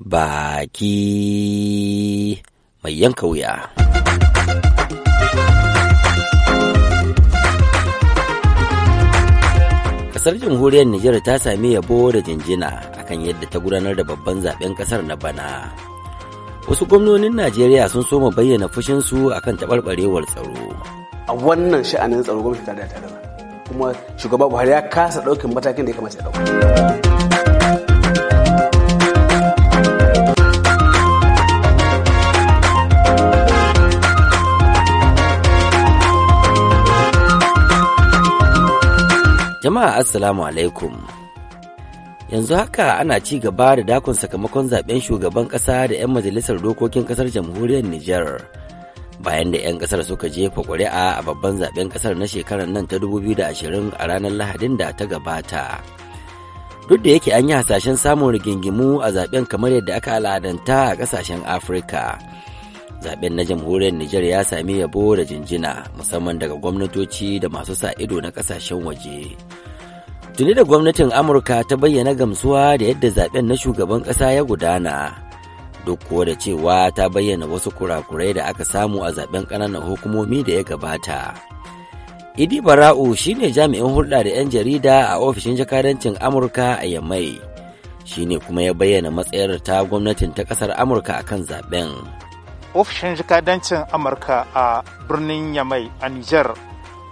baki mai yanka wuya. Kasar jamhuriyar Nijar ta sami yabo da jinjina akan yadda ta gudanar da babban zaben kasar na bana. Wasu gwamnonin Najeriya sun soma bayyana fushinsu a kan taɓarɓarewar tsaro. A wannan sha'anin tsaro gwamnati ta da kuma shugaba Buhari ya kasa ɗaukin matakin da ya kamata ya ɗauka. Jama'a Assalamu alaikum. Yanzu haka ana ci gaba da dakon sakamakon zaben shugaban ƙasa da 'yan majalisar dokokin ƙasar jamhuriyar Nijar. Bayan da 'yan ƙasar suka jefa ƙuri'a a babban zaben ƙasar na shekarar nan ta 2020 a ranar Lahadin da ta gabata. Duk da yake an yi hasashen samun rigingimu a zaben kamar yadda aka al'adanta a ƙasashen Afirka. zaben na jamhuriyar Nijar ya sami yabo da jinjina musamman daga gwamnatoci da masu sa ido na kasashen waje. Tuni da gwamnatin Amurka ta bayyana gamsuwa da yadda zaben na shugaban ƙasa ya gudana. Duk kuwa da cewa ta bayyana wasu kurakurai da aka samu a zaben ƙananan hukumomi da ya gabata. Idi Bara'u shi ne jami'in hulɗa da 'yan jarida a ofishin jakadancin Amurka a Yamai. ne kuma ya bayyana matsayar ta gwamnatin ta ƙasar Amurka a kan zaben. ofishin jikadancin amurka a birnin yamai a niger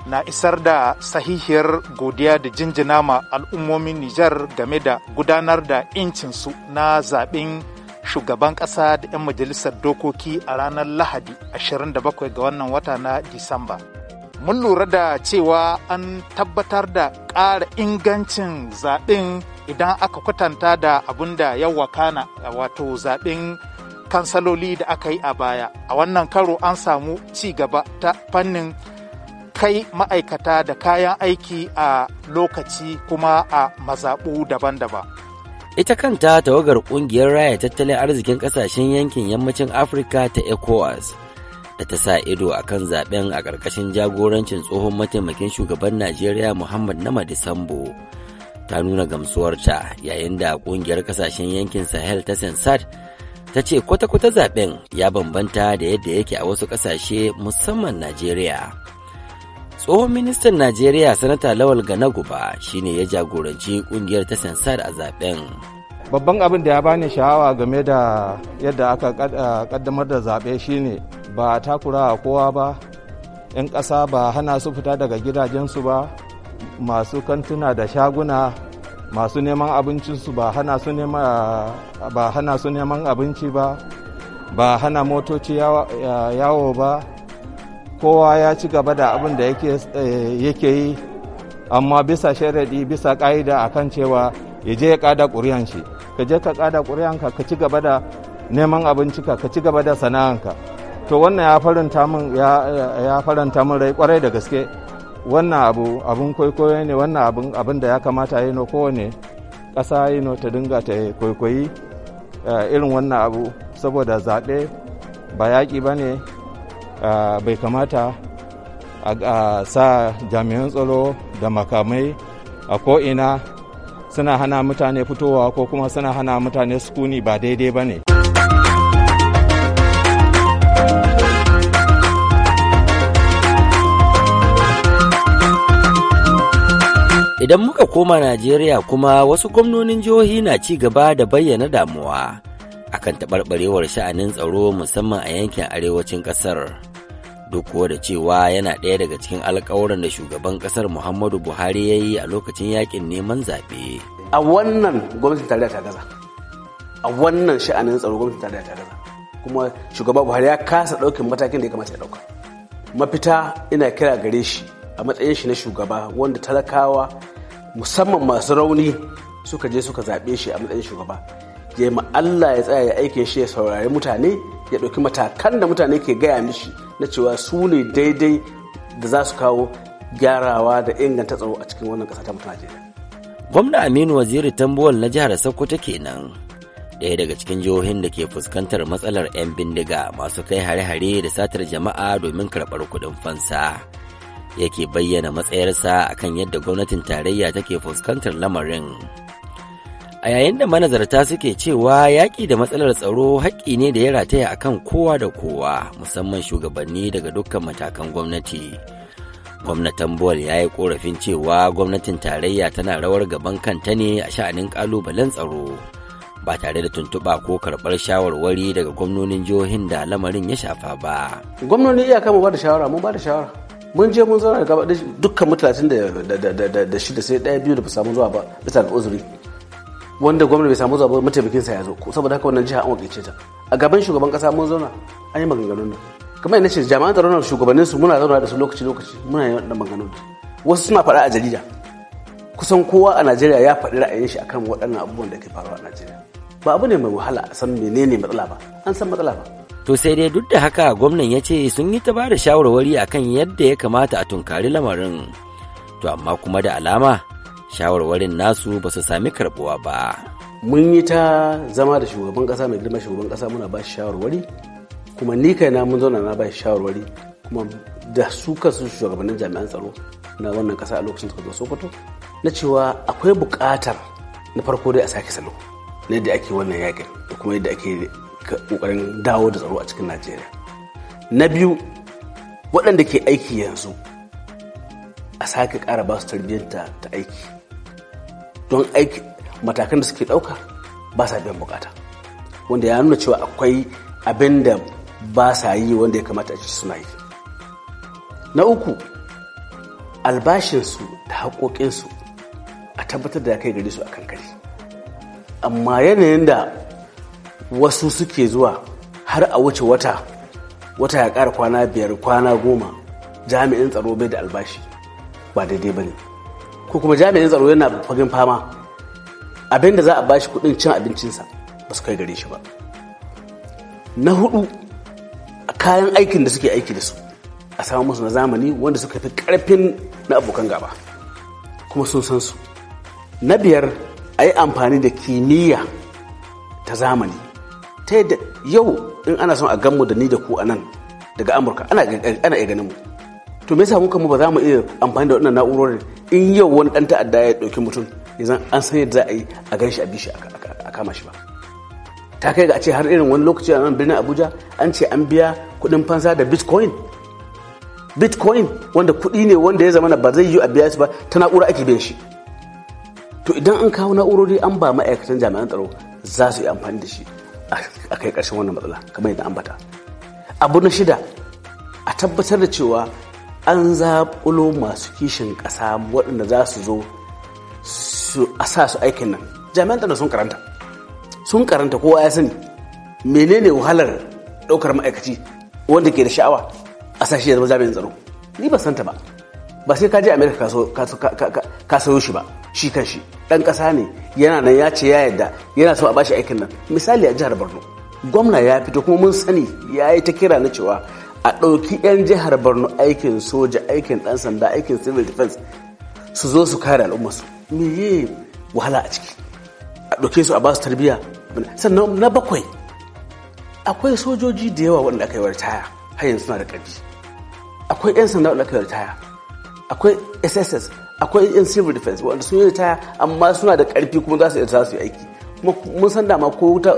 na isar da sahihiyar godiya da jinjina ma al'ummomin niger game da gudanar da incinsu na zaɓen shugaban ƙasa da 'yan majalisar dokoki a ranar lahadi 27 ga wannan wata na disamba mun lura da cewa an tabbatar da ƙara ingancin zaɓen idan aka kwatanta da abin da ya wakana wato zaɓen kansaloli da aka yi a baya a wannan karo an samu ci gaba ta fannin kai ma'aikata da kayan aiki a lokaci kuma a mazaɓu daban-daban ita kanta tawagar ƙungiyar raya tattalin arzikin ƙasashen yankin yammacin afirka ta ecowas da ta sa ido a kan zaben a ƙarƙashin jagorancin tsohon mataimakin shugaban najeriya muhammad nama disambo ta nuna gamsuwarta yayin da ƙungiyar ƙasashen yankin sahel ta sensat ta ce kwata-kwata zaben ya bambanta da yadda yake a wasu ƙasashe musamman Najeriya. Tsohon ministan Najeriya sanata Lawal Ganaguba shine ya jagoranci kungiyar ta Sansar a zaben. Babban abin da ya bani sha'awa game da yadda aka kaddamar da zaɓe shine ba takura a kowa ba, 'yan ƙasa ba hana su fita daga gidajensu ba, masu kantuna da shaguna masu neman abincinsu ba hana su neman abinci ba ba hana motoci yawo ba kowa ya ci gaba da abin da yake eh, yi amma bisa sharaɗi bisa ƙa'ida a kan cewa ya je ya ƙada ƙuri'an shi ka je ka ƙada ƙuri'anka ka ci gaba da neman abincinka ka ci gaba da sana'anka to wannan ya faranta min rai kwarai da gaske wannan abu abun kwaikwayo ne wannan da ya kamata yi no kowane ƙasa yi no ta dinga ta kwaikwayi eh, irin wannan abu saboda zaɓe ba yaƙi ba ne eh, bai kamata a sa jami'an tsaro da makamai a ko'ina suna hana mutane fitowa ko kuma suna hana mutane sukuni ba daidai ba ne Idan muka koma Najeriya kuma wasu gwamnonin jihohi na ci gaba da bayyana damuwa akan taɓarɓarewar sha'anin tsaro musamman a yankin arewacin ƙasar. Duk da cewa yana ɗaya daga cikin alƙawuran da shugaban ƙasar Muhammadu Buhari ya yi a lokacin yakin neman zaɓe. A wannan gwamnati tarayya ta gaza. A wannan sha'anin tsaro gwamnati tarayya ta gaza. Kuma shugaba Buhari ya kasa ɗaukin matakin da ya kamata ya ɗauka. Mafita ina kira gare shi a matsayin shi na shugaba wanda talakawa musamman masu rauni suka je suka zaɓe shi a matsayin shugaba ya yi Allah ya tsaya ya aike shi ya saurari mutane ya ɗauki matakan da mutane ke gaya mishi na cewa su ne daidai da za su kawo gyarawa da inganta tsaro a cikin wannan ƙasa ta Gwamna Aminu Waziri Tambuwal na jihar Sokoto kenan. Ɗaya daga cikin jihohin da ke fuskantar matsalar 'yan bindiga masu kai hare-hare da satar jama'a domin karɓar kuɗin fansa. yake bayyana matsayarsa akan yadda gwamnatin tarayya take fuskantar lamarin a yayin da manazarta suke cewa yaƙi da matsalar tsaro haƙƙi ne da ya rataya a kan kowa da kowa musamman shugabanni daga dukkan matakan gwamnati gwamnatin bol ya yi korafin cewa gwamnatin tarayya tana rawar gaban kanta ne a sha'anin ƙalubalen tsaro ba tare da tuntuɓa ko karɓar shawarwari daga gwamnonin jihohin da lamarin ya shafa ba gwamnoni iyaka mu ba da shawara mu ba da shawara mun je mun zauna gaba dukkan shi da sai ɗaya biyu da ba samu zuwa ba bisa ga uzuri wanda gwamnati bai samu zuwa ba mataimakin sa ya zo saboda haka wannan jiha an wakilce ta a gaban shugaban kasa mun zauna an yi maganganun nan kamar yadda ce jami'an tsaron nan shugabannin su muna zauna da su lokaci lokaci muna yi wannan maganganun wasu suna faɗa a jarida kusan kowa a Najeriya ya faɗi ra'ayin shi akan waɗannan abubuwan da ke faruwa a Najeriya ba abu ne mai wahala san menene matsala ba an san matsala ba To sai dai duk da haka gwamnan ya ce sun yi ta bada shawarwari akan yadda ya kamata a tunkari lamarin. To amma kuma da alama shawarwarin nasu ba su sami karbuwa ba. Mun yi ta zama da shugaban kasa mai girma shugaban kasa muna ba shi shawarwari kuma ni kaina mun zauna na ba shi shawarwari kuma da su kansu shugabannin jami'an tsaro na wannan kasa a lokacin da Sokoto na cewa akwai bukatar na farko dai a sake salo na yadda ake wannan yakin da kuma yadda ake kokarin dawo da tsaro a cikin najeriya na biyu waɗanda ke aiki yanzu a sake ƙara ba su tarbiyyanta ta aiki don aiki matakan da suke ɗauka ba sa biyan bukata wanda ya nuna cewa akwai abin da ba sa yi wanda ya kamata a ci suna yi na uku albashinsu da haƙoƙinsu a tabbatar da kai gari su a kankari amma yanayin da wasu suke zuwa har a wuce wata wata ya ƙara kwana biyar kwana goma jami'in tsaro bai da albashi ba daidai ba ne ko kuma jami'in tsaro yana fagen fama abin za a bashi kuɗin cin abincinsa ba su kai gare shi ba na hudu kayan aikin da suke aiki da su a samu musu na zamani wanda suka fi karfin na abokan gaba kuma sun san su na biyar a yi amfani da kimiyya ta zamani ta yadda yau in ana son a gan mu da ni da ku a nan daga amurka ana iya ganin mu to me yasa muka mu ba za mu iya amfani da wannan na'urorin in yau wani dan ta'adda ya dauki mutum yanzu an san yadda za a yi a gan shi a bishi a kama shi ba ta kai ga a ce har irin wani lokaci a nan birnin abuja an ce an biya kuɗin fansa da bitcoin bitcoin wanda kuɗi ne wanda ya zama ba zai yi a biya shi ba ta na'ura ake biyan shi to idan an kawo na'urori an ba ma'aikatan jami'an tsaro za su yi amfani da shi a kai ƙarshen wannan matsala kamar yadda ambata abu na shida a tabbatar da cewa an zaɓulo masu kishin ƙasa waɗanda za su zo su asa su aikin nan jami'an tsaro sun karanta sun karanta kowa ya sani menene wahalar ɗaukar ma'aikaci wanda ke da sha'awa a sashi ya zama jami'in tsaro ni ba ta ba ba sai ka je america ka sayo shi ba shi kan shi dan kasa ne yana nan ya ce ya yadda yana so a bashi aikin nan misali a jihar borno gwamna ya fito kuma mun sani ya yi ta kira na cewa a ɗauki 'yan jihar borno aikin soja aikin ɗan sanda aikin civil defense su zo su kare al'ummarsu me ye wahala a ciki a ɗauke su a basu tarbiyya sannan na bakwai akwai sojoji da yawa waɗanda aka yi ritaya har yanzu suna da ƙarfi akwai 'yan sanda waɗanda aka yi wa ritaya. akwai sss akwai yan civil defense wanda sun yi ritaya amma suna da karfi kuma za su iya su yi aiki kuma mun san dama ko wuta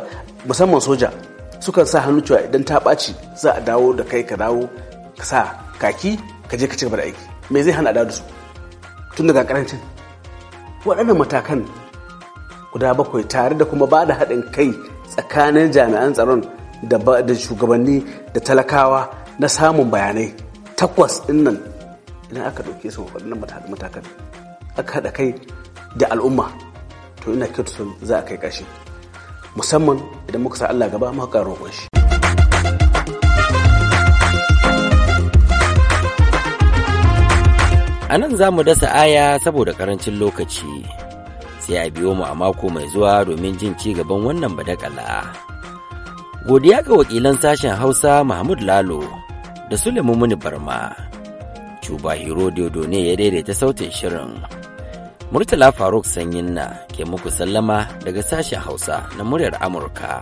musamman soja sukan sa hannu cewa idan ta ɓaci za a dawo da kai ka dawo ka sa kaki ka je ka ci gaba da aiki me zai hana da su tun daga karancin waɗannan matakan guda bakwai tare da kuma ba da haɗin kai tsakanin jami'an tsaron da shugabanni da talakawa na samun bayanai takwas ɗin nan idan aka ɗauke su waɗannan matakan aka haɗa kai da al'umma to ina kyautu za a kai ƙarshe musamman idan muka sa Allah gaba muka ƙara roƙon shi A nan za mu dasa aya saboda karancin lokaci, sai a biyo mu a mako mai zuwa domin jin ci gaban wannan badakala. Godiya ga wakilan sashen Hausa Mahmud Lalo da Suleiman Muni Barma. Hiro Dodo ne ya daidaita sautin shirin. Murtala Faruk Sanyin na ke muku sallama daga sashen Hausa na muryar Amurka.